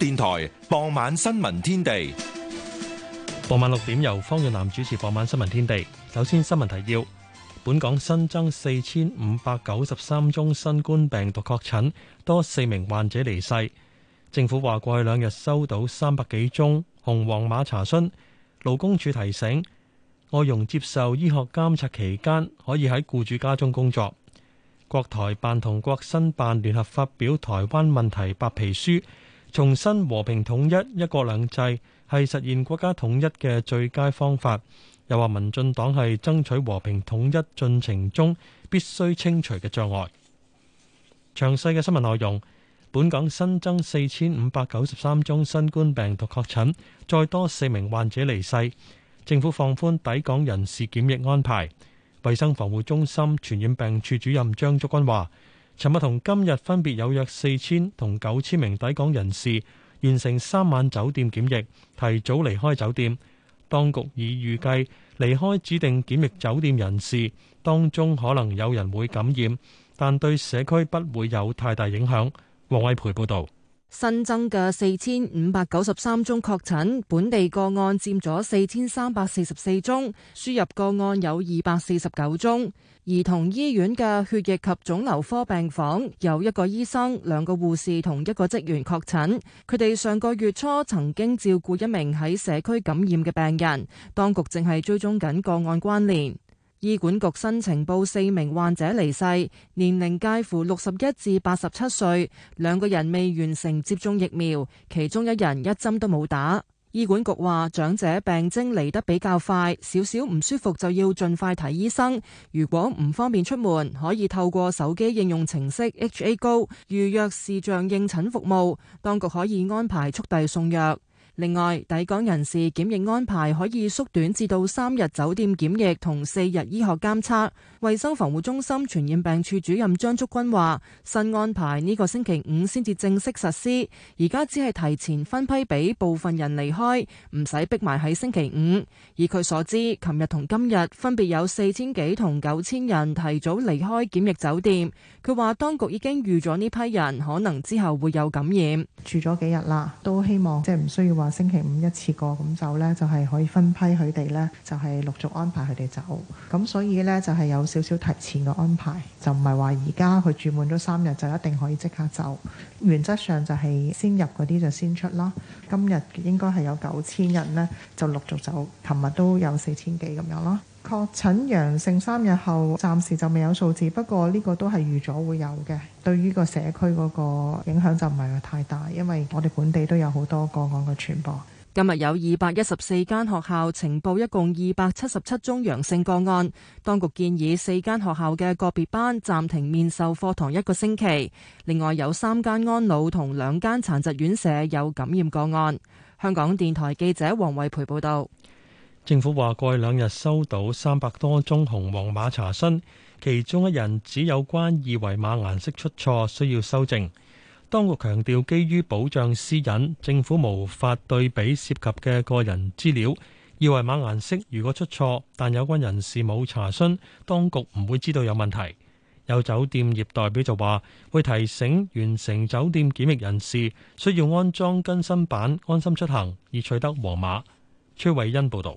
電台傍晚新聞天地，傍晚六點由方月南主持。傍晚新聞天，天地，首先新聞提要：本港新增四千五百九十三宗新冠病毒確診，多四名患者離世。政府話過去兩日收到三百幾宗紅黃碼查詢。勞工處提醒，外傭接受醫學監察期間可以喺僱主家中工作。國台辦同國新辦聯合發表台灣問題白皮書。重新和平統一一國兩制係實現國家統一嘅最佳方法，又話民進黨係爭取和平統一進程中必須清除嘅障礙。詳細嘅新聞內容，本港新增四千五百九十三宗新冠病毒確診，再多四名患者離世。政府放寬抵港人士檢疫安排。衛生防護中心傳染病處主任張竹君話。尋日同今日分別有約四千同九千名抵港人士完成三晚酒店檢疫，提早離開酒店。當局已預計離開指定檢疫酒店人士，當中可能有人會感染，但對社區不會有太大影響。黃偉培報導。新增嘅四千五百九十三宗確診，本地個案佔咗四千三百四十四宗，輸入個案有二百四十九宗。兒童醫院嘅血液及腫瘤科病房有一個醫生、兩個護士同一個職員確診，佢哋上個月初曾經照顧一名喺社區感染嘅病人，當局正係追蹤緊個案關聯。醫管局新呈報：四名患者離世，年齡介乎六十一至八十七歲，兩個人未完成接種疫苗，其中一人一針都冇打。醫管局話，長者病徵嚟得比較快，少少唔舒服就要盡快睇醫生。如果唔方便出門，可以透過手機應用程式 H A Go 預約視像應診服務，當局可以安排速遞送藥。另外，抵港人士檢疫安排可以縮短至到三日酒店檢疫同四日醫學監測。衛生防護中心傳染病處主任張竹君話：新安排呢個星期五先至正式實施，而家只係提前分批俾部分人離開，唔使逼埋喺星期五。以佢所知，琴日同今日分別有四千幾同九千人提早離開檢疫酒店。佢話：當局已經預咗呢批人可能之後會有感染，住咗幾日啦，都希望即係唔需要話。星期五一次過咁走呢，就係可以分批佢哋呢，就係陸續安排佢哋走。咁所以呢，就係有少少提前嘅安排，就唔係話而家佢住滿咗三日就一定可以即刻走。原則上就係先入嗰啲就先出啦。今日應該係有九千人呢，就陸續走。琴日都有四千幾咁樣咯。確診陽性三日後，暫時就未有數字，不過呢個都係預咗會有嘅。對於個社區嗰個影響就唔係太大，因為我哋本地都有好多個案嘅傳播。今日有二百一十四間學校呈報一共二百七十七宗陽性個案，當局建議四間學校嘅個別班暫停面授課,課堂一個星期。另外有三間安老同兩間殘疾院舍有感染個案。香港電台記者黃慧培報道。政府話：過去兩日收到三百多宗紅黃碼查詢，其中一人只有關二維碼顏色出錯，需要修正。當局強調，基於保障私隱，政府無法對比涉及嘅個人資料。二維碼顏色如果出錯，但有關人士冇查詢，當局唔會知道有問題。有酒店業代表就話，會提醒完成酒店檢疫人士需要安裝更新版安心出行，以取得黃碼。崔偉恩報導。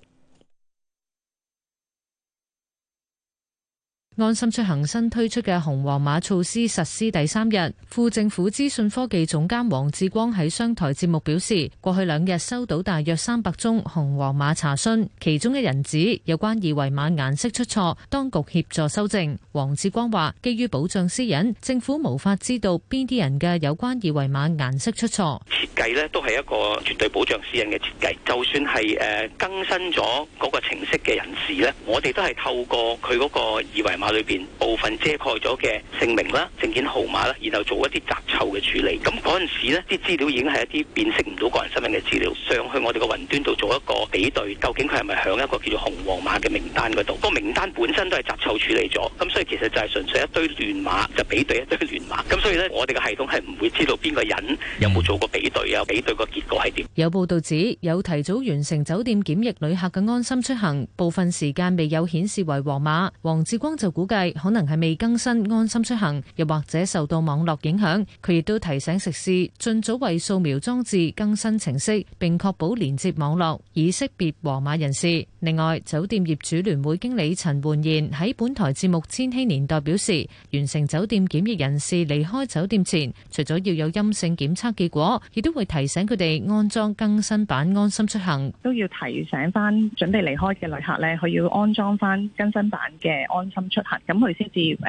安心出行新推出嘅紅黃碼措施實施第三日，副政府資訊科技總監黃志光喺商台節目表示，過去兩日收到大約三百宗紅黃碼查詢，其中一人指有關二維碼顏色出錯，當局協助修正。黃志光話，基於保障私隱，政府無法知道邊啲人嘅有關二維碼顏色出錯。設計咧，都係一個絕對保障私隱嘅設計，就算係誒更新咗嗰個程式嘅人士咧，我哋都係透過佢嗰個二維碼，話裏邊部分遮蓋咗嘅姓名啦、證件號碼啦，然後做一啲雜湊嘅處理。咁嗰陣時咧，啲資料已經係一啲辨識唔到個人身份嘅資料，上去我哋嘅雲端度做一個比對，究竟佢係咪響一個叫做紅黃碼嘅名單嗰度？個名單本身都係雜湊處理咗，咁所以其實就係純粹一堆亂碼就比對一堆亂碼。咁所以咧，我哋嘅系統係唔會知道邊個人有冇做過比對啊，比對個結果係點？有報道指有提早完成酒店檢疫旅客嘅安心出行，部分時間未有顯示為黃碼，黃志光就。估計可能係未更新安心出行，又或者受到網絡影響。佢亦都提醒食肆盡早為掃描裝置更新程式，並確保連接網絡以識別黃碼人士。另外，酒店業主聯會經理陳煥賢喺本台節目《千禧年代》表示，完成酒店檢疫人士離開酒店前，除咗要有陰性檢測結果，亦都會提醒佢哋安裝更新版安心出行，都要提醒翻準備離開嘅旅客咧，佢要安裝翻更新版嘅安心出行，咁佢先至誒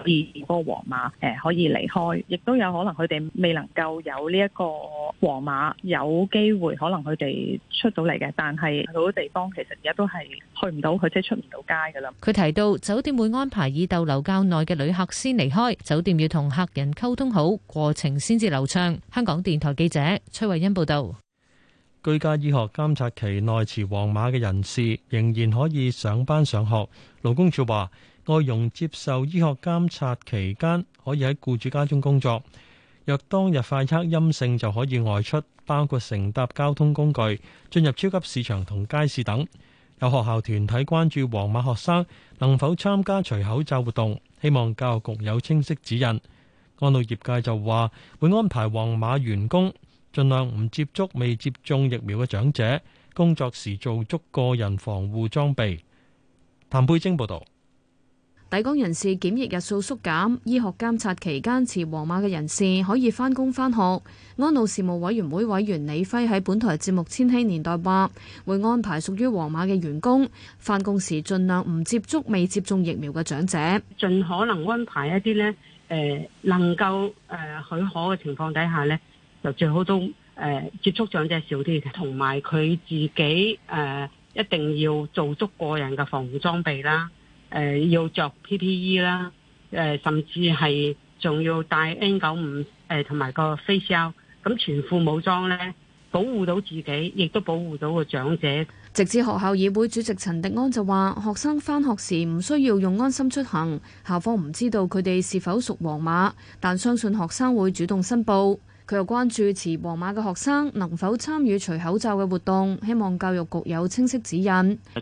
可以嗰個黃碼誒可以離開。亦都有可能佢哋未能夠有呢一個黃碼，有機會可能佢哋出到嚟嘅，但係好多地方其實而家。都係去唔到，佢即係出唔到街㗎喇。佢提到酒店會安排已逗留較耐嘅旅客先離開，酒店要同客人溝通好，過程先至流暢。香港電台記者崔慧欣報道，居家醫學監察期內持黃碼嘅人士仍然可以上班上學。勞工處話，外傭接受醫學監察期間可以喺僱主家中工作。若當日快測陰性就可以外出，包括乘搭交通工具、進入超級市場同街市等。有學校團體關注黃碼學生能否參加除口罩活動，希望教育局有清晰指引。安老業界就話會安排黃碼員工盡量唔接觸未接種疫苗嘅長者，工作時做足個人防護裝備。譚佩晶報導。抵港人士檢疫日數縮減，醫學監察期間持黃碼嘅人士可以返工返學。安老事務委員會委員李輝喺本台節目《千禧年代》話：會安排屬於黃碼嘅員工返工時，盡量唔接觸未接種疫苗嘅長者，盡可能安排一啲呢，誒能夠誒許可嘅情況底下呢，就最好都誒接觸長者少啲。同埋佢自己誒一定要做足個人嘅防護裝備啦。誒要着 PPE 啦，誒甚至係仲要戴 N 九五誒同埋個 face mask，咁全副武裝呢，保護到自己，亦都保護到個長者。直至學校議會主席陳迪安就話：學生返學時唔需要用安心出行，校方唔知道佢哋是否屬黃碼，但相信學生會主動申報。佢又關注持黃碼嘅學生能否參與除口罩嘅活動，希望教育局有清晰指引。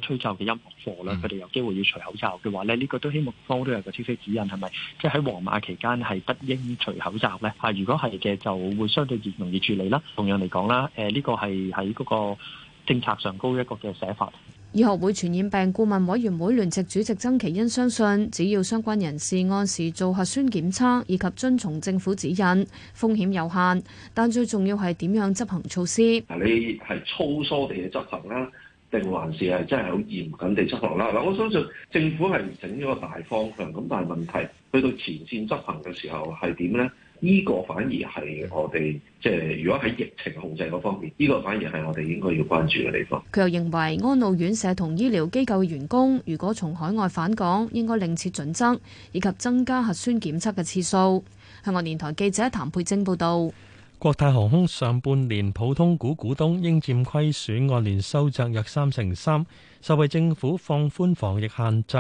吹奏嘅音樂課咧，佢哋有機會要除口罩嘅話咧，呢、這個都希望各方都有個清晰指引，係咪？即喺黃碼期間係不應除口罩咧。啊，如果係嘅，就會相對越容易處理啦。同樣嚟講啦，誒、呃、呢、這個係喺嗰個政策上高一個嘅寫法。醫學會傳染病顧問委員會聯席主席曾其恩相信，只要相關人士按時做核酸檢測以及遵從政府指引，風險有限。但最重要係點樣執行措施？你係粗疏地去執行啦，定還是係真係好嚴謹地執行啦？嗱，我相信政府係整咗個大方向，咁但係問題去到前線執行嘅時候係點呢？呢個反而係我哋即係如果喺疫情控制嗰方面，呢個反而係我哋應該要關注嘅地方。佢又認為安老院舍同醫療機構嘅員工，如果從海外返港，應該另設準則，以及增加核酸檢測嘅次數。香港電台記者譚佩晶報道。國泰航空上半年普通股股東應佔虧損按年收窄約三成三，受惠政府放寬防疫限制，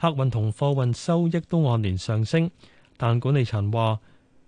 客運同貨運收益都按年上升，但管理層話。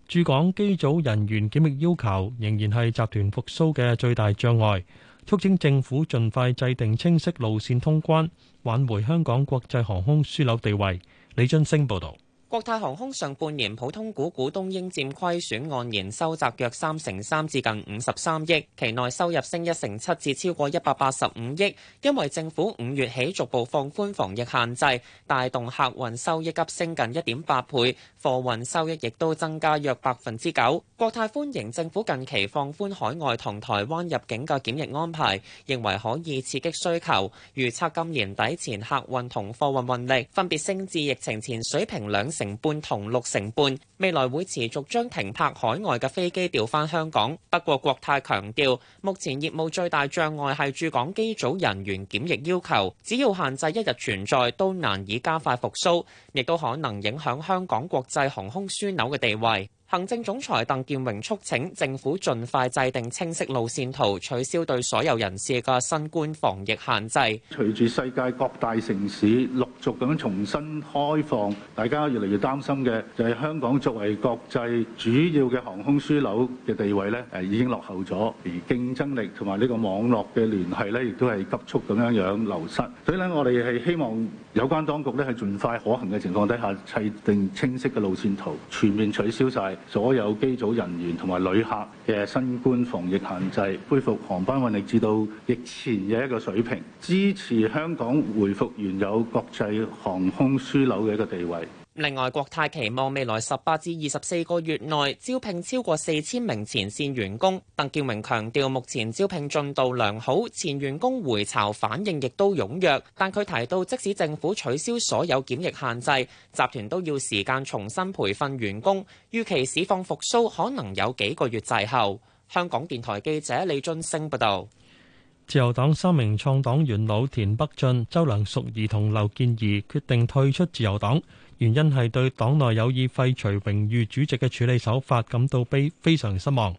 駐港機組人員檢疫要求仍然係集團復甦嘅最大障礙，促請政府盡快制定清晰路線通關，挽回香港國際航空樞紐地位。李津升報道。國泰航空上半年普通股股東應占虧損按年收窄約三成三，至近五十三億；期內收入升一成七，至超過一百八十五億。因為政府五月起逐步放寬防疫限制，帶動客運收益急升近一點八倍，貨運收益亦都增加約百分之九。國泰歡迎政府近期放寬海外同台灣入境嘅檢疫安排，認為可以刺激需求。預測今年底前，客運同貨運運力分別升至疫情前水平兩成。半同六成半，未來會持續將停泊海外嘅飛機調翻香港。不過國,國泰強調，目前業務最大障礙係駐港機組人員檢疫要求，只要限制一日存在，都難以加快復蘇，亦都可能影響香港國際航空樞紐嘅地位。行政總裁鄧建榮促請政府盡快制定清晰路線圖，取消對所有人士嘅新冠防疫限制。隨住世界各大城市陸續咁樣重新開放，大家越嚟越擔心嘅就係香港作為國際主要嘅航空樞紐嘅地位咧，誒，已經落後咗，而競爭力同埋呢個網絡嘅聯繫咧，亦都係急速咁樣樣流失。所以咧，我哋係希望有關當局咧，係盡快可行嘅情況底下，制定清晰嘅路線圖，全面取消晒。所有機組人員同埋旅客嘅新冠防疫限制，恢復航班運力至到疫前嘅一個水平，支持香港回復原有國際航空樞紐嘅一個地位。另外，國泰期望未來十八至二十四個月內招聘超過四千名前線員工。鄧建明強調，目前招聘進度良好，前員工回巢反應亦都踴躍。但佢提到，即使政府取消所有檢疫限制，集團都要時間重新培訓員工。預期市況復甦可能有幾個月滯後。香港電台記者李俊升報導。自由黨三名創黨元老田北俊、周梁淑怡同劉健儀決定退出自由黨。原因係對黨內有意廢除榮譽主席嘅處理手法感到悲非常失望。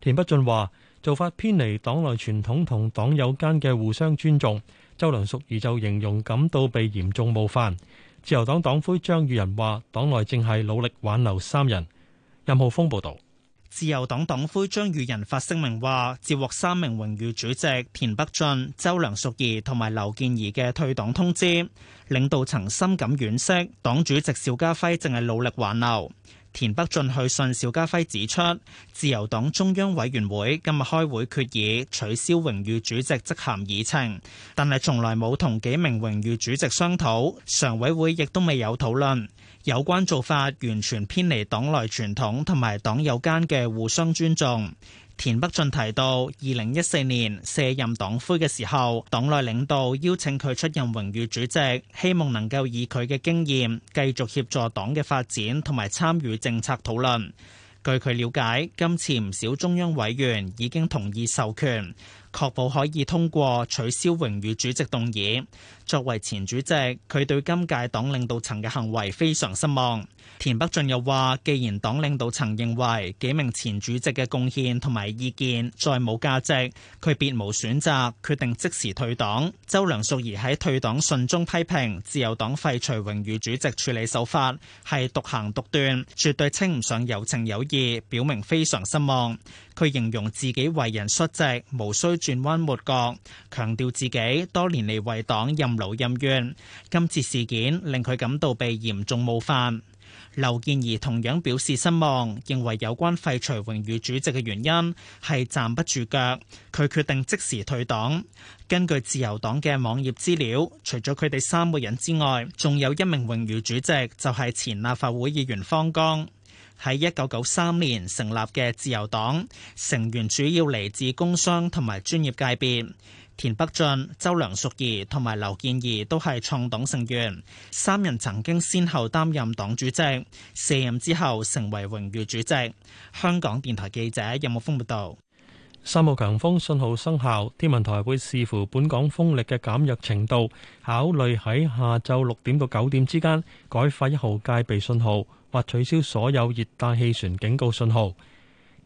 田北俊話做法偏離黨內傳統同黨友間嘅互相尊重。周梁淑怡就形容感到被嚴重冒犯。自由黨黨魁張宇人話黨內正係努力挽留三人。任浩峰報導。自由黨黨魁張宇人發聲明話，接獲三名榮譽主席田北俊、周梁淑怡同埋劉健儀嘅退黨通知，領導層深感惋惜，黨主席邵家輝正係努力挽留。田北俊去信邵家輝指出，自由黨中央委員會今日開會決議取消榮譽主席職銜議程，但係從來冇同幾名榮譽主席商討，常委會亦都未有討論。有關做法完全偏離黨內傳統同埋黨友間嘅互相尊重。田北俊提到，二零一四年卸任黨魁嘅時候，黨內領導邀請佢出任榮譽主席，希望能夠以佢嘅經驗繼續協助黨嘅發展同埋參與政策討論。據佢了解，今次唔少中央委員已經同意授權。確保可以通過取消榮譽主席動議。作為前主席，佢對今屆黨領導層嘅行為非常失望。田北俊又話，既然黨領導層認為幾名前主席嘅貢獻同埋意見再冇價值，佢別無選擇，決定即時退黨。周梁淑怡喺退黨信中批評自由黨廢除榮譽主席處理手法係獨行獨斷，絕對稱唔上有情有義，表明非常失望。佢形容自己為人率直，無需轉彎抹角，強調自己多年嚟為黨任勞任怨，今次事件令佢感到被嚴重冒犯。劉健儀同樣表示失望，認為有關廢除榮譽主席嘅原因係站不住腳，佢決定即時退黨。根據自由黨嘅網頁資料，除咗佢哋三個人之外，仲有一名榮譽主席，就係前立法會議員方剛。喺一九九三年成立嘅自由黨成員主要嚟自工商同埋專業界別。田北俊、周梁淑怡同埋劉健儀都係創黨成員，三人曾經先後擔任黨主席，卸任之後成為榮譽主席。香港電台記者任木峰報道。三號強風信號生效，天文台會視乎本港風力嘅減弱程度，考慮喺下晝六點到九點之間改發一號戒備信號，或取消所有熱帶氣旋警告信號。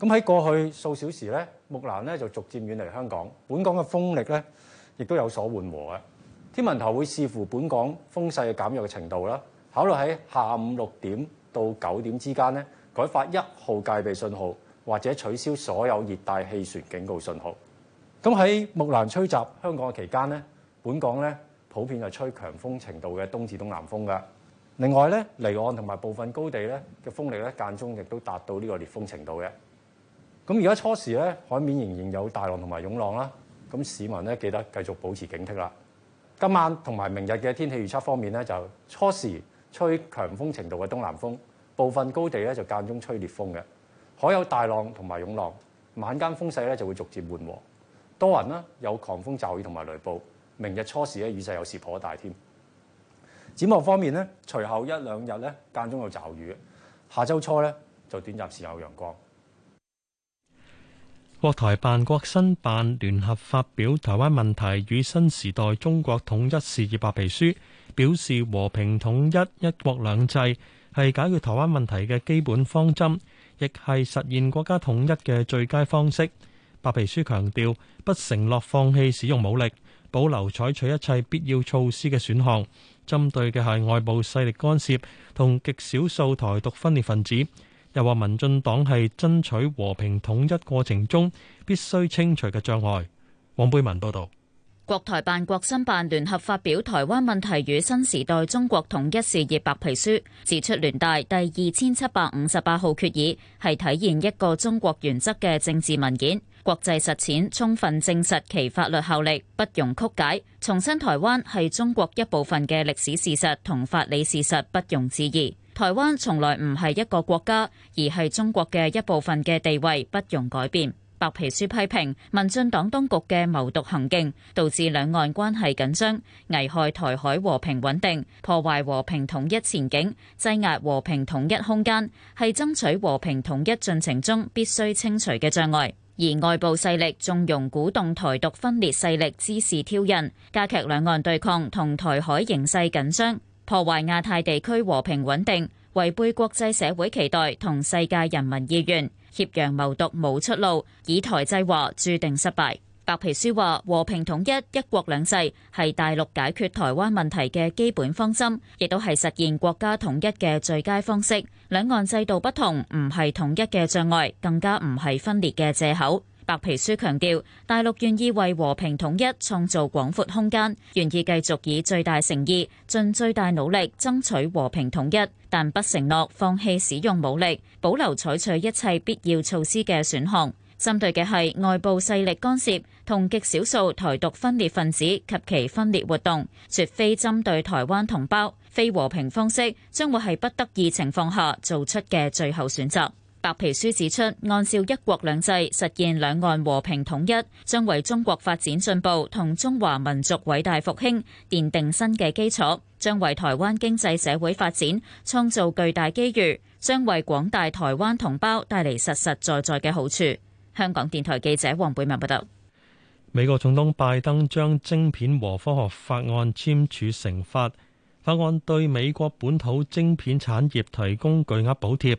咁喺過去數小時咧，木蘭咧就逐漸遠離香港，本港嘅風力咧亦都有所緩和啊。天文台會視乎本港風勢嘅減弱嘅程度啦，考慮喺下午六點到九點之間咧改發一號戒備信號，或者取消所有熱帶氣旋警告信號。咁喺木蘭吹襲香港嘅期間咧，本港咧普遍係吹強風程度嘅東至東南風㗎。另外咧，離岸同埋部分高地咧嘅風力咧間中亦都達到呢個烈風程度嘅。咁而家初時咧，海面仍然有大浪同埋湧浪啦。咁市民咧記得繼續保持警惕啦。今晚同埋明日嘅天氣預測方面咧，就初時吹強風程度嘅東南風，部分高地咧就間中吹烈風嘅，海有大浪同埋湧浪。晚間風勢咧就會逐漸緩和，多雲呢，有狂風驟雨同埋雷暴。明日初時咧雨勢有時頗大添。展望方面咧，隨後一兩日咧間中有驟雨，下周初咧就短暫時有陽光。國台辦、國新辦聯合發表《台灣問題與新時代中國統一事業白皮書》，表示和平統一、一國兩制係解決台灣問題嘅基本方針，亦係實現國家統一嘅最佳方式。白皮書強調，不承諾放棄使用武力，保留採取一切必要措施嘅選項，針對嘅係外部勢力干涉同極少數台獨分裂分子。又話民進黨係爭取和平統一過程中必須清除嘅障礙。黃貝文報道，國台辦、國新辦聯合發表《台灣問題與新時代中國統一事業白皮書》，指出聯大第二千七百五十八號決議係體現一個中國原則嘅政治文件，國際實踐充分證實其法律效力，不容曲解。重申台灣係中國一部分嘅歷史事實同法理事實，不容置疑。台灣從來唔係一個國家，而係中國嘅一部分嘅地位不容改變。白皮書批評民進黨當局嘅謀獨行徑，導致兩岸關係緊張，危害台海和平穩定，破壞和平統一前景，擠壓和平統一空間，係爭取和平統一進程中必須清除嘅障礙。而外部勢力縱容鼓動台獨分裂勢力滋事挑釁，加劇兩岸對抗同台海形勢緊張。破壞亞太地區和平穩定，違背國際社會期待同世界人民意願，挾洋謀獨無出路，以台制華注定失敗。白皮書話：和平統一、一國兩制係大陸解決台灣問題嘅基本方針，亦都係實現國家統一嘅最佳方式。兩岸制度不同，唔係統一嘅障礙，更加唔係分裂嘅借口。白皮書強調，大陸願意為和平統一創造廣闊空間，願意繼續以最大誠意、盡最大努力爭取和平統一，但不承諾放棄使用武力，保留採取一切必要措施嘅選項。針對嘅係外部勢力干涉同極少數台獨分裂分子及其分裂活動，絕非針對台灣同胞。非和平方式將會喺不得已情況下做出嘅最後選擇。白皮書指出，按照一國兩制實現兩岸和平統一，將為中國發展進步同中華民族偉大復興奠定新嘅基礎，將為台灣經濟社會發展創造巨大機遇，將為廣大台灣同胞帶嚟實實在在嘅好處。香港電台記者黃貝文報道，美國總統拜登將晶片和科學法案簽署成法，法案對美國本土晶片產業提供巨額補貼。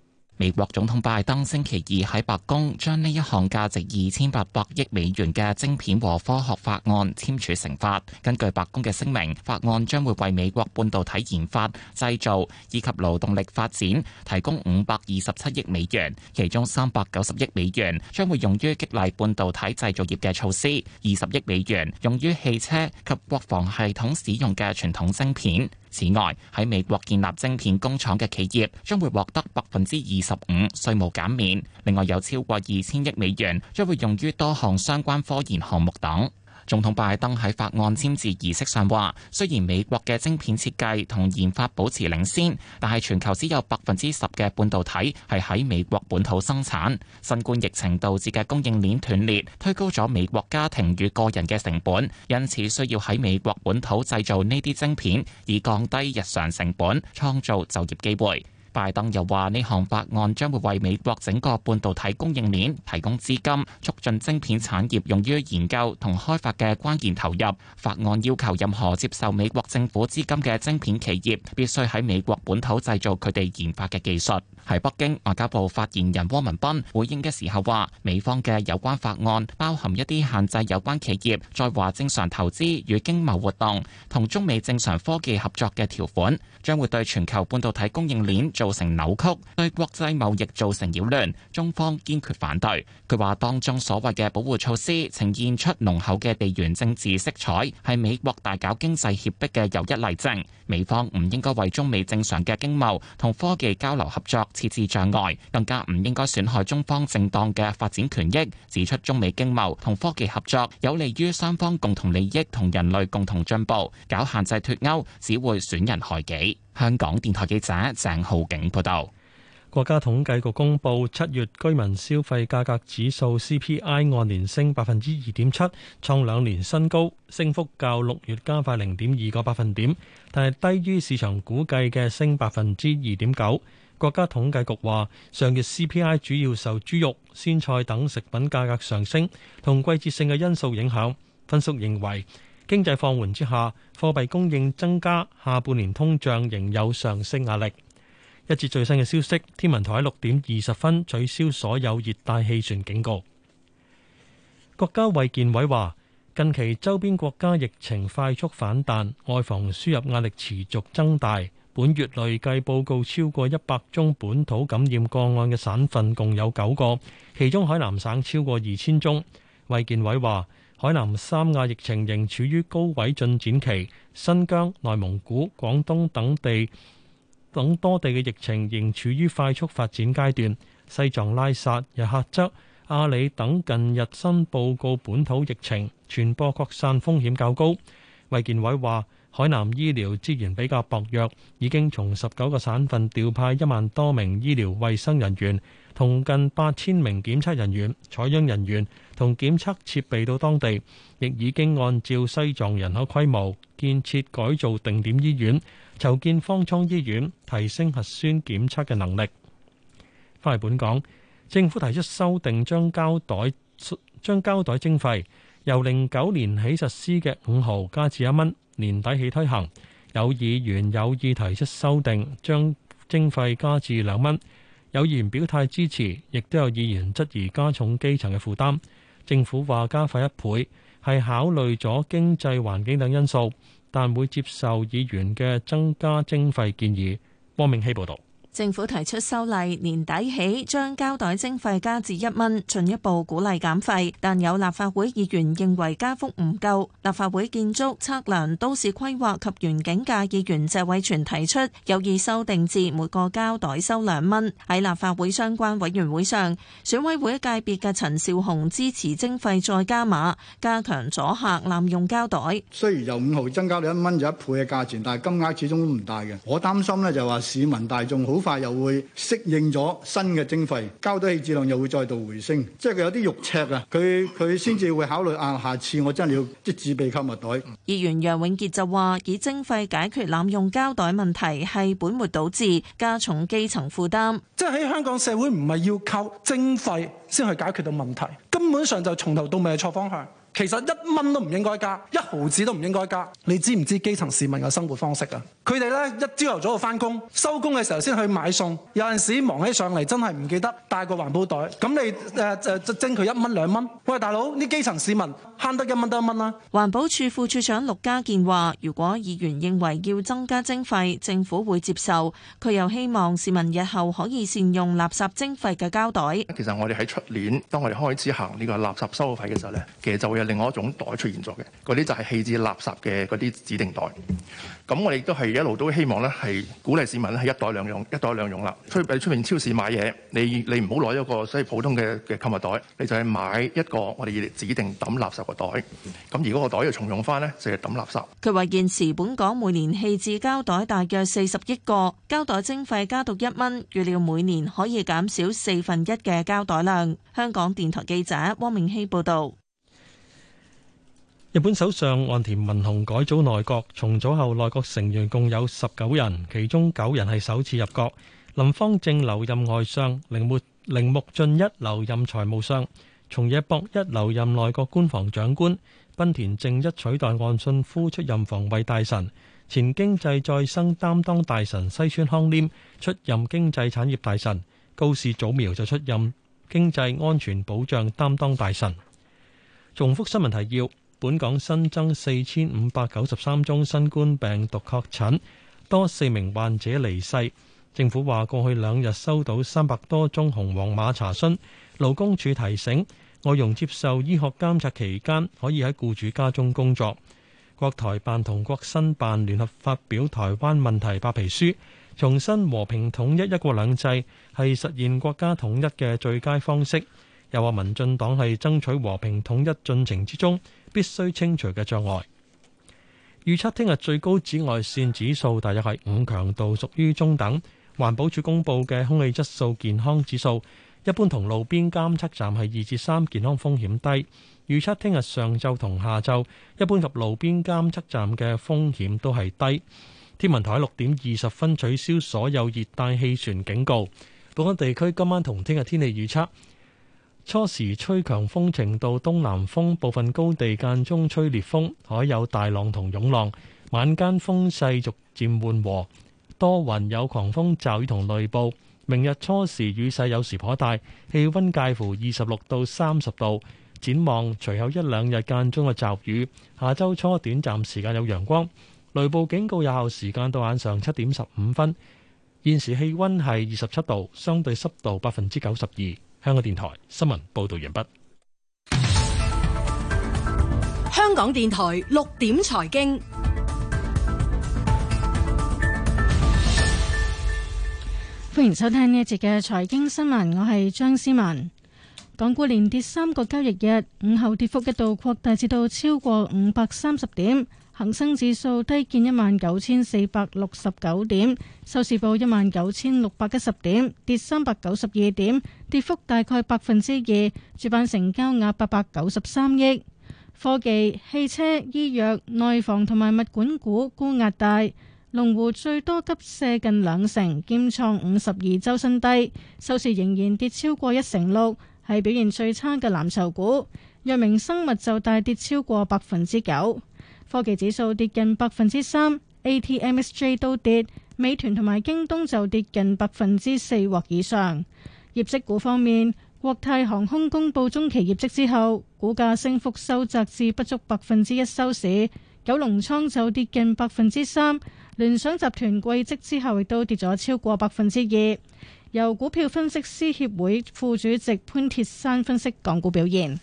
美國總統拜登星期二喺白宮將呢一項價值二千八百億美元嘅晶片和科學法案簽署成法。根據白宮嘅聲明，法案將會為美國半導體研發、製造以及勞動力發展提供五百二十七億美元，其中三百九十億美元將會用於激勵半導體製造業嘅措施，二十億美元用於汽車及國防系統使用嘅傳統晶片。此外，喺美國建立晶片工廠嘅企業將會獲得百分之二十五稅務減免，另外有超過二千億美元將會用於多項相關科研項目等。總統拜登喺法案簽字儀式上話：雖然美國嘅晶片設計同研發保持領先，但係全球只有百分之十嘅半導體係喺美國本土生產。新冠疫情導致嘅供應鏈斷裂，推高咗美國家庭與個人嘅成本，因此需要喺美國本土製造呢啲晶片，以降低日常成本，創造就業機會。拜登又話呢項法案將會為美國整個半導體供應鏈提供資金，促進晶片產業用於研究同開發嘅關鍵投入。法案要求任何接受美國政府資金嘅晶片企業，必須喺美國本土製造佢哋研發嘅技術。喺北京，外交部發言人汪文斌回應嘅時候話，美方嘅有關法案包含一啲限制有關企業在華正常投資與經貿活動同中美正常科技合作嘅條款，將會對全球半導體供應鏈。造成扭曲，對國際貿易造成擾亂，中方堅決反對。佢話當中所謂嘅保護措施，呈現出濃厚嘅地緣政治色彩，係美國大搞經濟脅迫嘅又一例證。美方唔應該為中美正常嘅經貿同科技交流合作設置障礙，更加唔應該損害中方正當嘅發展權益。指出中美經貿同科技合作有利於雙方共同利益同人類共同進步，搞限制脫歐只會損人害己。香港電台記者鄭浩景報道，國家統計局公布七月居民消費價格指數 CPI 按年升百分之二點七，創兩年新高，升幅較六月加快零點二個百分點，但係低於市場估計嘅升百分之二點九。國家統計局話，上月 CPI 主要受豬肉、鮮菜等食品價格上升同季節性嘅因素影響。分析認為。經濟放緩之下，貨幣供應增加，下半年通脹仍有上升壓力。一節最新嘅消息，天文台喺六點二十分取消所有熱帶氣旋警告。國家衛健委話，近期周邊國家疫情快速反彈，外防輸入壓力持續增大。本月累計報告超過一百宗本土感染個案嘅省份共有九個，其中海南省超過二千宗。衛健委話，海南、三亞疫情仍處於高位進展期，新疆、內蒙古、廣東等地等多地嘅疫情仍處於快速發展階段。西藏拉薩、日喀則、阿里等近日新報告本土疫情傳播擴散風險較高。衛健委話，海南醫療資源比較薄弱，已經從十九個省份調派一萬多名醫療衛生人員。同近八千名檢測人員、採樣人員同檢測設備到當地，亦已經按照西藏人口規模建設改造定點醫院、籌建方艙醫院，提升核酸檢測嘅能力。翻嚟本港，政府提出修訂將膠袋將膠袋徵費，由零九年起實施嘅五毫加至一蚊，年底起推行。有議員有意提出修訂，將徵費加至兩蚊。有議員表態支持，亦都有議員質疑加重基層嘅負擔，政府話加快一倍，係考慮咗經濟環境等因素，但會接受議員嘅增加徵費建議，汪明希報道。政府提出修例，年底起將膠袋徵費加至一蚊，進一步鼓勵減費。但有立法會議員認為加幅唔夠。立法會建築、測量、都市規劃及園境界議員謝偉銓提出有意修訂至每個膠袋收兩蚊。喺立法會相關委員會上，選委會界別嘅陳紹雄支持徵費再加碼，加強阻嚇濫用膠袋。雖然由五毫增加到一蚊，就一倍嘅價錢，但係金額始終都唔大嘅。我擔心呢就話市民大眾好。快又會適應咗新嘅徵費，膠袋棄置量又會再度回升，即係佢有啲肉赤啊！佢佢先至會考慮啊，下次我真係要即自備購物袋。議員楊永傑就話：以徵費解決濫用膠袋問題係本末倒置，加重基層負擔。即係喺香港社會唔係要靠徵費先去解決到問題，根本上就從頭到尾嘅錯方向。其實一蚊都唔應該加，一毫子都唔應該加。你知唔知基層市民嘅生活方式啊？佢哋咧一朝頭早上去翻工，收工嘅時候先去買餸。有陣時忙起上嚟，真係唔記得帶個環保袋。咁你誒就就徵佢一蚊兩蚊？喂大，大佬，啲基層市民慳得一蚊得一蚊啊。環保處副，副處長陸家健話，如果議員認為要增加徵費，政府會接受。佢又希望市民日後可以善用垃圾徵費嘅膠袋。其實我哋喺出年，當我哋開始行呢個垃圾收費嘅時候咧，其實就會。另外一種袋出現咗嘅嗰啲就係棄置垃圾嘅嗰啲指定袋。咁我哋都係一路都希望咧，係鼓勵市民咧係一袋兩用，一袋兩用啦。出出面超市買嘢，你你唔好攞一個所以普通嘅嘅購物袋，你就係買一個我哋指定抌垃圾嘅袋。咁而嗰個袋要重用翻咧，就係、是、抌垃圾。佢話：現時本港每年棄置膠袋大約四十億個，膠袋徵費加到一蚊，預料每年可以減少四分一嘅膠袋量。香港電台記者汪明希報導。日本首相岸田文雄改組內閣，重組後內閣成員共有十九人，其中九人係首次入閣。林芳正留任外相，鈴木鈴木俊一留任財務相，松野博一留任內閣官房長官，濱田正一取代岸信夫出任防衛大臣，前經濟再生擔當大臣西村康稔出任經濟產業大臣，高市早苗就出任經濟安全保障擔當大臣。重複新聞提要。本港新增四千五百九十三宗新冠病毒確診，多四名患者離世。政府話過去兩日收到三百多宗紅黃碼查詢，勞工處提醒，外傭接受醫學監察期間可以喺僱主家中工作。國台辦同國新辦聯合發表台灣問題白皮書，重申和平統一、一國兩制係實現國家統一嘅最佳方式。又話民進黨係爭取和平統一進程之中。必須清除嘅障礙。預測聽日最高紫外線指數大約係五，強度屬於中等。環保署公布嘅空氣質素健康指數，一般同路邊監測站係二至三，健康風險低。預測聽日上晝同下晝，一般及路邊監測站嘅風險都係低。天文台六點二十分取消所有熱帶氣旋警告。本港地區今晚同聽日天氣預測。初時吹強風程度東南風，部分高地間中吹烈風，海有大浪同湧浪。晚間風勢逐漸緩和，多雲有狂風驟雨同雷暴。明日初時雨勢有時頗大，氣溫介乎二十六到三十度。展望隨後一兩日間中嘅驟雨，下周初短暫時間有陽光。雷暴警告有效時間到晚上七點十五分。現時氣溫係二十七度，相對濕度百分之九十二。香港電台新聞報道完畢。香港電台六點財經，歡迎收聽呢一節嘅財經新聞，我係張思文。港股連跌三個交易日，午後跌幅一度擴大至到超過五百三十點。恒生指數低見一萬九千四百六十九點，收市報一萬九千六百一十點，跌三百九十二點，跌幅大概百分之二。主板成交額八百九十三億。科技、汽車、醫藥、內房同埋物管股沽壓大，龍湖最多急瀉近兩成，兼創五十二周新低，收市仍然跌超過一成六，係表現最差嘅藍籌股。藥明生物就大跌超過百分之九。科技指數跌近百分之三，ATMXJ 都跌，美團同埋京東就跌近百分之四或以上。業績股方面，國泰航空公佈中期業績之後，股價升幅收窄至不足百分之一收市。九龍倉就跌近百分之三，聯想集團季績之後亦都跌咗超過百分之二。由股票分析師協會副主席潘鐵山分析港股表現。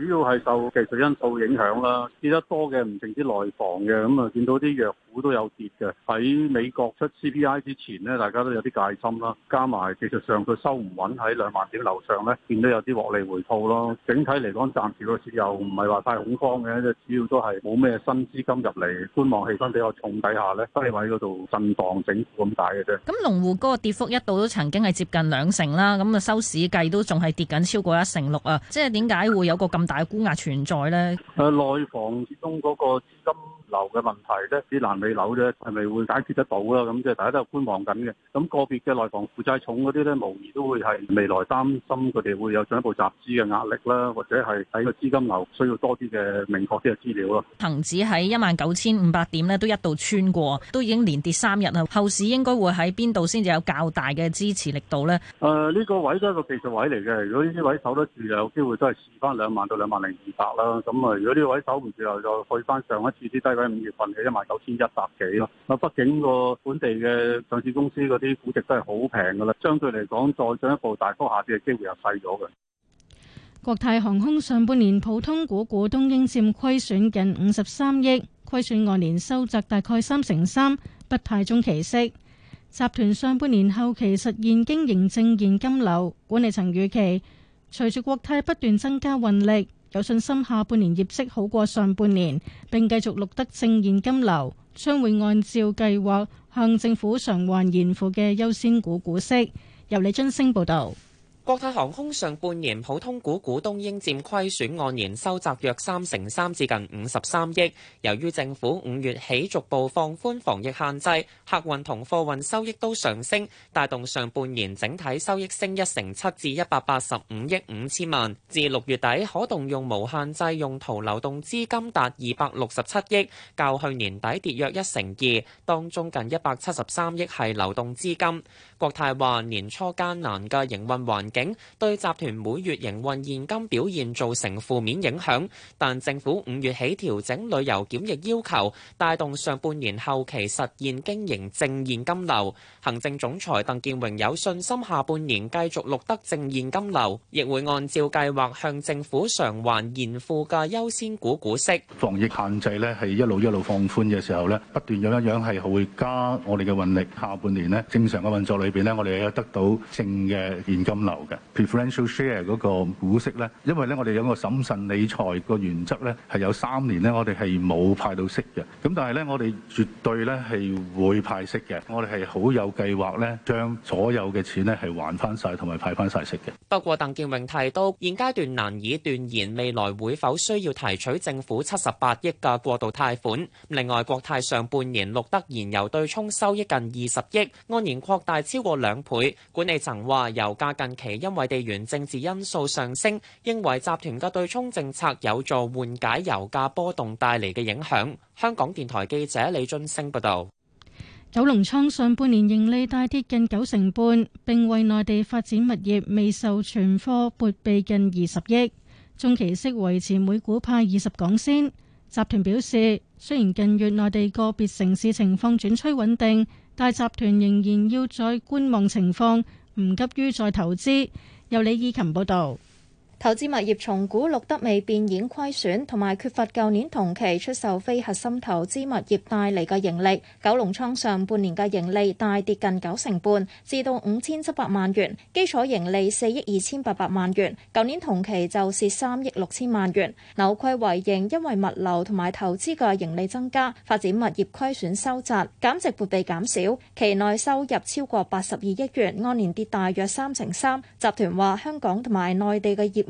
主要係受技術因素影響啦，見得多嘅唔淨啲內房嘅，咁啊見到啲藥股都有跌嘅，喺美國出 CPI 之前咧，大家都有啲戒心啦。加埋技術上佢收唔穩喺兩萬點樓上咧，見到有啲獲利回吐咯。整體嚟講，暫時個市又唔係話太恐慌嘅，即主要都係冇咩新資金入嚟，觀望氣氛比較重底下咧，低位嗰度震盪整咁大嘅啫。咁龍湖嗰個跌幅一度都曾經係接近兩成啦，咁啊收市計都仲係跌緊超過一成六啊！即係點解會有個咁大嘅沽壓存在咧？誒、呃，內房之中嗰個資金。樓嘅問題咧，啲 爛樂尾樓啫，係咪會解決得到啦？咁即係大家都係觀望緊嘅。咁個別嘅內房負債重嗰啲咧，無疑都會係未來擔心佢哋會有進一步集資嘅壓力啦，或者係喺個資金流需要多啲嘅明確啲嘅資料咯。恒指喺一萬九千五百點咧，都一度穿過，都已經連跌三日啦。後市應該會喺邊度先至有較大嘅支持力度咧？誒、呃，呢、這個位都係個技術位嚟嘅。如果呢啲位守得住，有機會都係試翻兩萬到兩萬零二百啦。咁啊，如果呢個位守唔住，又再去翻上一次啲低。喺五月份起一萬九千一百幾咯，啊，畢竟個本地嘅上市公司嗰啲股值都係好平噶啦，相對嚟講再進一步大幅下跌嘅機會又細咗嘅。國泰航空上半年普通股股東應佔虧損近五十三億，虧損按年收窄大概三成三，不派中期息。集團上半年後期實現經營正現金流，管理層預期隨住國泰不斷增加運力。有信心下半年業績好過上半年，並繼續錄得正現金流，將會按照計劃向政府償還現付嘅優先股股息。由李津升報道。國泰航空上半年普通股股東應佔虧損按年收窄約三成三，至近五十三億。由於政府五月起逐步放寬防疫限制，客運同貨運收益都上升，帶動上半年整體收益升一成七，至一百八十五億五千萬。至六月底可動用無限制用途流動資金達二百六十七億，較去年底跌約一成二。當中近一百七十三億係流動資金。國泰話年初艱難嘅營運環警對集團每月營運現金表現造成負面影響，但政府五月起調整旅遊檢疫要求，帶動上半年後期實現經營正現金流。行政總裁鄧健榮有信心下半年繼續錄得正現金流，亦會按照計劃向政府償還現付嘅優先股股息。防疫限制咧係一路一路放寬嘅時候咧，不斷咁樣係會加我哋嘅運力。下半年咧正常嘅運作裏邊咧，我哋有得到正嘅現金流。嘅 preferential share 嗰個股息咧，因為咧我哋有個審慎理財個原則咧，係有三年咧，我哋係冇派到息嘅。咁但係咧，我哋絕對咧係會派息嘅。我哋係好有計劃咧，將所有嘅錢咧係還翻晒同埋派翻晒息嘅。不過鄧健榮提到，現階段難以斷言未來會否需要提取政府七十八億嘅過渡貸款。另外，國泰上半年錄得燃油對沖收益近二十億，按年擴大超過兩倍。管理層話油價近期，因為地緣政治因素上升，認為集團嘅對沖政策有助緩解油價波動帶嚟嘅影響。香港電台記者李俊升報道：九龍倉上半年盈利大跌近九成半，並為內地發展物業未售存貨撥備近二十億。中期息維持每股派二十港仙。集團表示，雖然近月內地個別城市情況轉趨穩定，但集團仍然要再觀望情況。唔急於再投資。由李依琴報道。投資物業重估錄得未變現虧損，同埋缺乏舊年同期出售非核心投資物業帶嚟嘅盈利。九龍倉上半年嘅盈利大跌近九成半，至到五千七百萬元，基礎盈利四億二千八百萬元，舊年同期就蝕三億六千萬元。扭虧為盈，因為物流同埋投資嘅盈利增加，發展物業虧損收窄，減值撥備減少。期內收入超過八十二億元，按年跌大約三成三。集團話香港同埋內地嘅業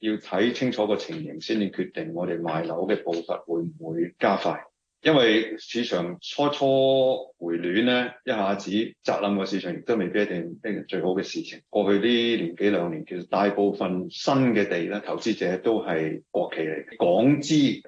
要睇清楚個情形先至決定，我哋賣樓嘅步伐會唔會加快。因為市場初初回暖咧，一下子砸冧個市場亦都未必一定係最好嘅事情。過去呢年幾兩年，其實大部分新嘅地咧，投資者都係國企嚟，港資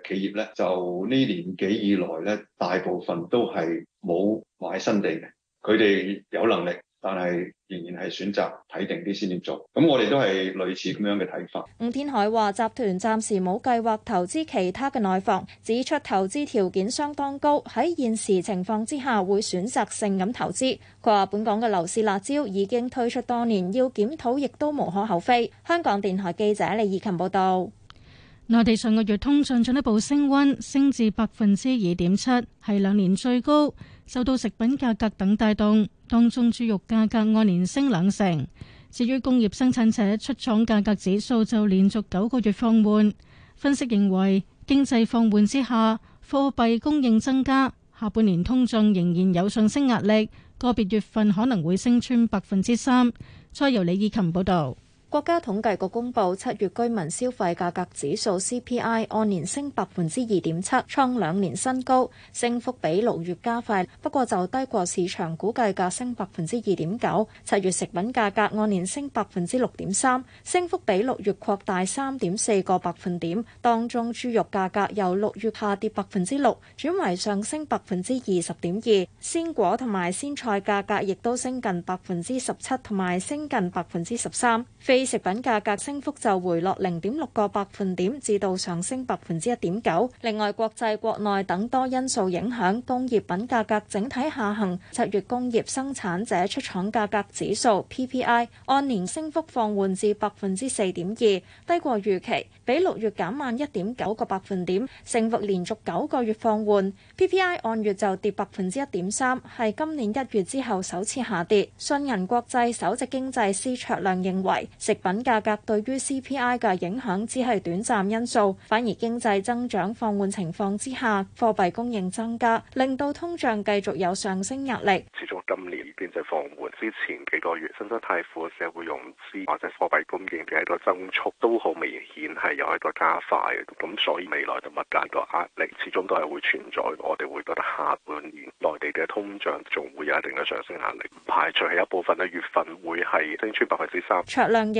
企業咧就呢年幾以來咧，大部分都係冇買新地嘅，佢哋有能力，但係。仍然係選擇睇定啲先點做，咁我哋都係類似咁樣嘅睇法。吳天海話集團暫時冇計劃投資其他嘅內房，指出投資條件相當高，喺現時情況之下會選擇性咁投資，佢話本港嘅樓市辣招已經推出多年，要檢討亦都無可厚非。香港電台記者李以琴報道。內地上個月通脹進一步升溫，升至百分之二點七，係兩年最高。受到食品價格等帶動，當中豬肉價格按年升兩成。至於工業生產者出廠價格指數就連續九個月放緩。分析認為，經濟放緩之下，貨幣供應增加，下半年通脹仍然有上升壓力，個別月份可能會升穿百分之三。再由李以琴報道。國家統計局公布七月居民消費價格指數 CPI 按年升百分之二點七，創兩年新高，升幅比六月加快。不過就低過市場估計價升百分之二點九。七月食品價格按年升百分之六點三，升幅比六月擴大三點四個百分點。當中豬肉價格由六月下跌百分之六，轉為上升百分之二十點二。鮮果同埋鮮菜價格亦都升近百分之十七同埋升近百分之十三。非食品價格升幅就回落零點六個百分點，至到上升百分之一點九。另外，國際、國內等多因素影響，工業品價格整體下行。七月工業生產者出廠價格指數 PPI 按年升幅放緩至百分之四點二，低過預期，比六月減慢一點九個百分點，升幅連續九個月放緩。PPI 按月就跌百分之一點三，係今年一月之後首次下跌。信銀國際首席經濟師卓亮認為。食品價格對於 CPI 嘅影響只係短暫因素，反而經濟增長放緩情況之下，貨幣供應增加，令到通脹繼續有上升壓力。始終今年經濟放緩之前幾個月，新增貸款嘅社會融資或者貨幣供應嘅一個增速都好明顯係有一個加快嘅，咁所以未來嘅物價個壓力始終都係會存在。我哋會覺得下半年內地嘅通脹仲會有一定嘅上升壓力，唔排除係一部分嘅月份會係升穿百分之三。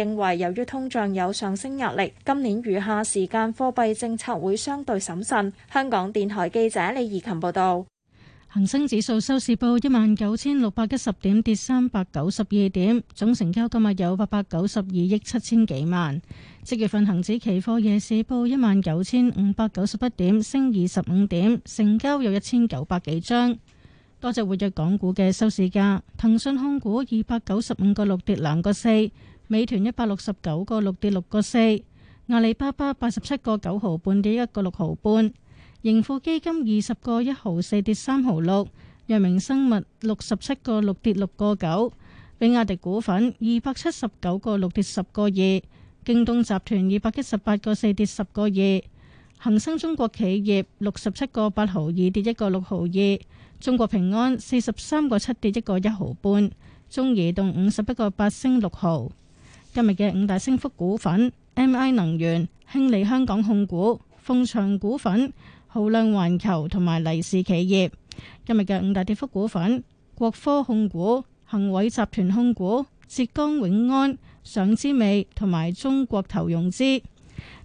認為由於通脹有上升壓力，今年餘下時間貨幣政策會相對審慎。香港電台記者李怡琴報道，恒生指數收市報一萬九千六百一十點，跌三百九十二點，總成交今日有八百九十二億七千幾萬。即月份恒指期貨夜市報一萬九千五百九十一點，升二十五點，成交有一千九百幾張。多隻活躍港股嘅收市價，騰訊控股二百九十五個六跌兩個四。美團一百六十九個六跌六個四，4, 阿里巴巴八十七個九毫半跌一個六毫半，5, 盈富基金二十個一毫四跌三毫六，6, 藥明生物六十七個六跌六個九，9, 比亞迪股份二百七十九個六跌十個二，2, 京東集團二百一十八個四跌十個二，2, 恒生中國企業六十七個八毫二跌一個六毫二，2, 中國平安四十三個七跌一個一毫半，5, 中移動五十一個八升六毫。今日嘅五大升幅股份：M I 能源、興利香港控股、鳳翔股份、浩量環球同埋利是企業。今日嘅五大跌幅股份：國科控股、恒偉集團控股、浙江永安、上之美同埋中國投融資。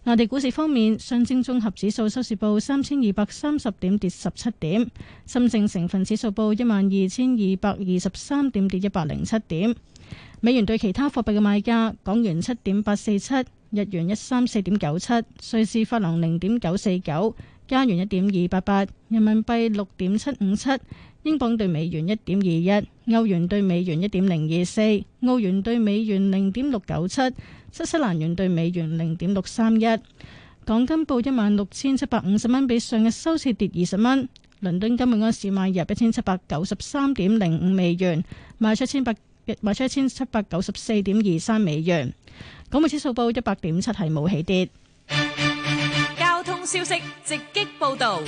內地股市方面，上證綜合指數收市報三千二百三十點，跌十七點；深證成分指數報一萬二千二百二十三點，跌一百零七點。美元對其他貨幣嘅賣價：港元七點八四七，日元一三四點九七，瑞士法郎零點九四九，加元一點二八八，人民幣六點七五七，英鎊對美元一點二一，歐元對美元一點零二四，澳元對美元零點六九七，新西蘭元對美元零點六三一。港金報一萬六千七百五十蚊，比上日收市跌二十蚊。倫敦金每盎司賣入一千七百九十三點零五美元，賣出千百，一千七百九十四點二三美元，港匯指數報一百點七，係冇起跌。交通消息，直擊報道。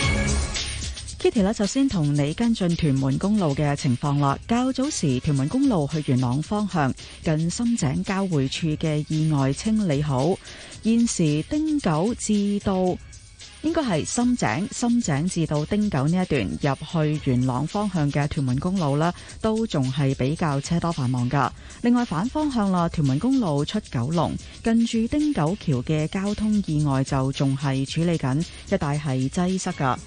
Kitty 呢就先同你跟進屯門公路嘅情況啦。較早時屯門公路去元朗方向近深井交匯處嘅意外清理好，現時丁九至到。應該係深井、深井至到汀九呢一段入去元朗方向嘅屯門公路咧，都仲係比較車多繁忙噶。另外反方向啦，屯門公路出九龍近住汀九橋嘅交通意外就仲係處理緊，一帶係擠塞噶。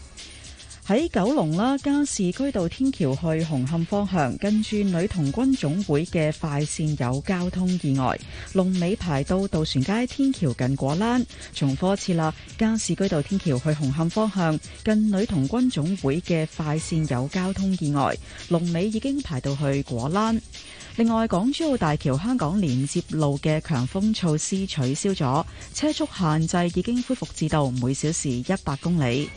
喺九龍啦，加士居道天橋去紅磡方向，近住女童軍總會嘅快綫有交通意外，龍尾排到渡船街天橋近果欄。重複一次啦，加士居道天橋去紅磡方向，近女童軍總會嘅快綫有交通意外，龍尾已經排到去果欄。另外，港珠澳大橋香港連接路嘅強風措施取消咗，車速限制已經恢復至到每小時一百公里。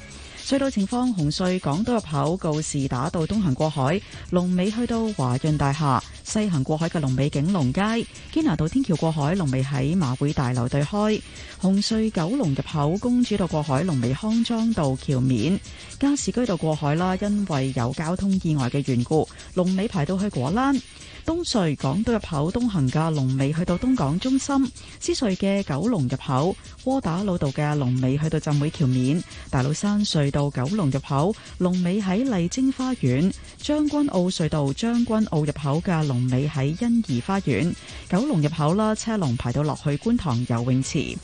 隧道情況：紅隧港島入口告士打道東行過海，龍尾去到華潤大廈；西行過海嘅龍尾景隆街，堅拿道天橋過海龍尾喺馬會大樓對開；紅隧九龍入口公主道過海龍尾康莊道橋面，加士居道過海啦，因為有交通意外嘅緣故，龍尾排到去果欄。東隧港島入口東行嘅龍尾去到東港中心，獅隧嘅九龍入口窩打老道嘅龍尾去到浸會橋面，大老山隧道九龍入口龍尾喺麗晶花園，將軍澳隧道將軍澳入口嘅龍尾喺欣怡花園，九龍入口啦車龍排到落去觀塘游泳池。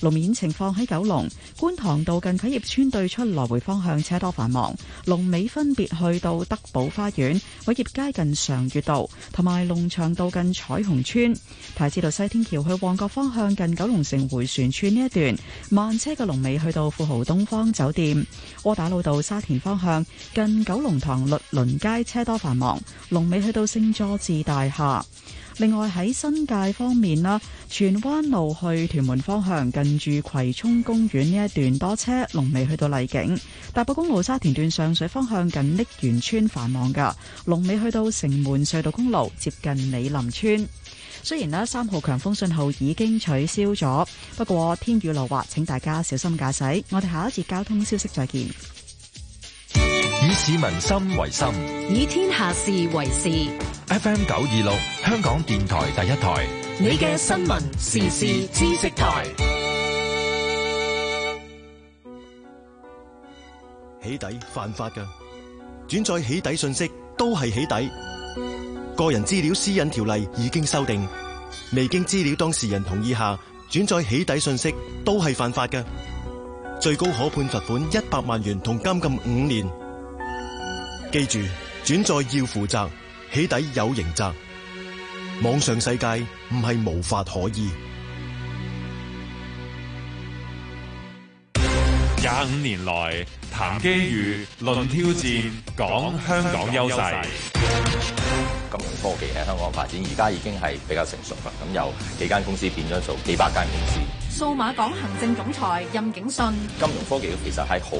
路面情況喺九龍觀塘道近啟業邨對出來回方向車多繁忙，龍尾分別去到德寶花園、偉業街近常悅道同埋龍翔道近彩虹村。太子道西天橋去旺角方向近九龍城回旋處呢一段慢車嘅龍尾去到富豪東方酒店。窩打老道沙田方向近九龍塘律倫街車多繁忙，龍尾去到聖佐治大廈。另外喺新界方面啦，荃灣路去屯門方向近住葵涌公園呢一段多車，龍尾去到麗景；大埔公路沙田段上水方向近瀝源村繁忙噶，龍尾去到城門隧道公路接近美林村。雖然呢三號強風信號已經取消咗，不過天雨路滑，請大家小心駕駛。我哋下一節交通消息再見。以市民心為心，以天下事為事。FM 九二六，香港電台第一台，你嘅新聞時事知識台。起底犯法㗎，轉載起底信息，都係起底。個人資料私隱條例已經修訂，未經資料當事人同意下轉載起底信息都係犯法㗎。最高可判罰款一百萬元同監禁五年。記住，轉載要負責。起底有刑責，網上世界唔係無法可依。廿五年來談機遇、論挑戰、講香港優勢。金融科技喺香港發展，而家已經係比較成熟噶。咁有幾間公司變咗數幾百間公司。數碼港行政總裁任景信，金融科技其實係好。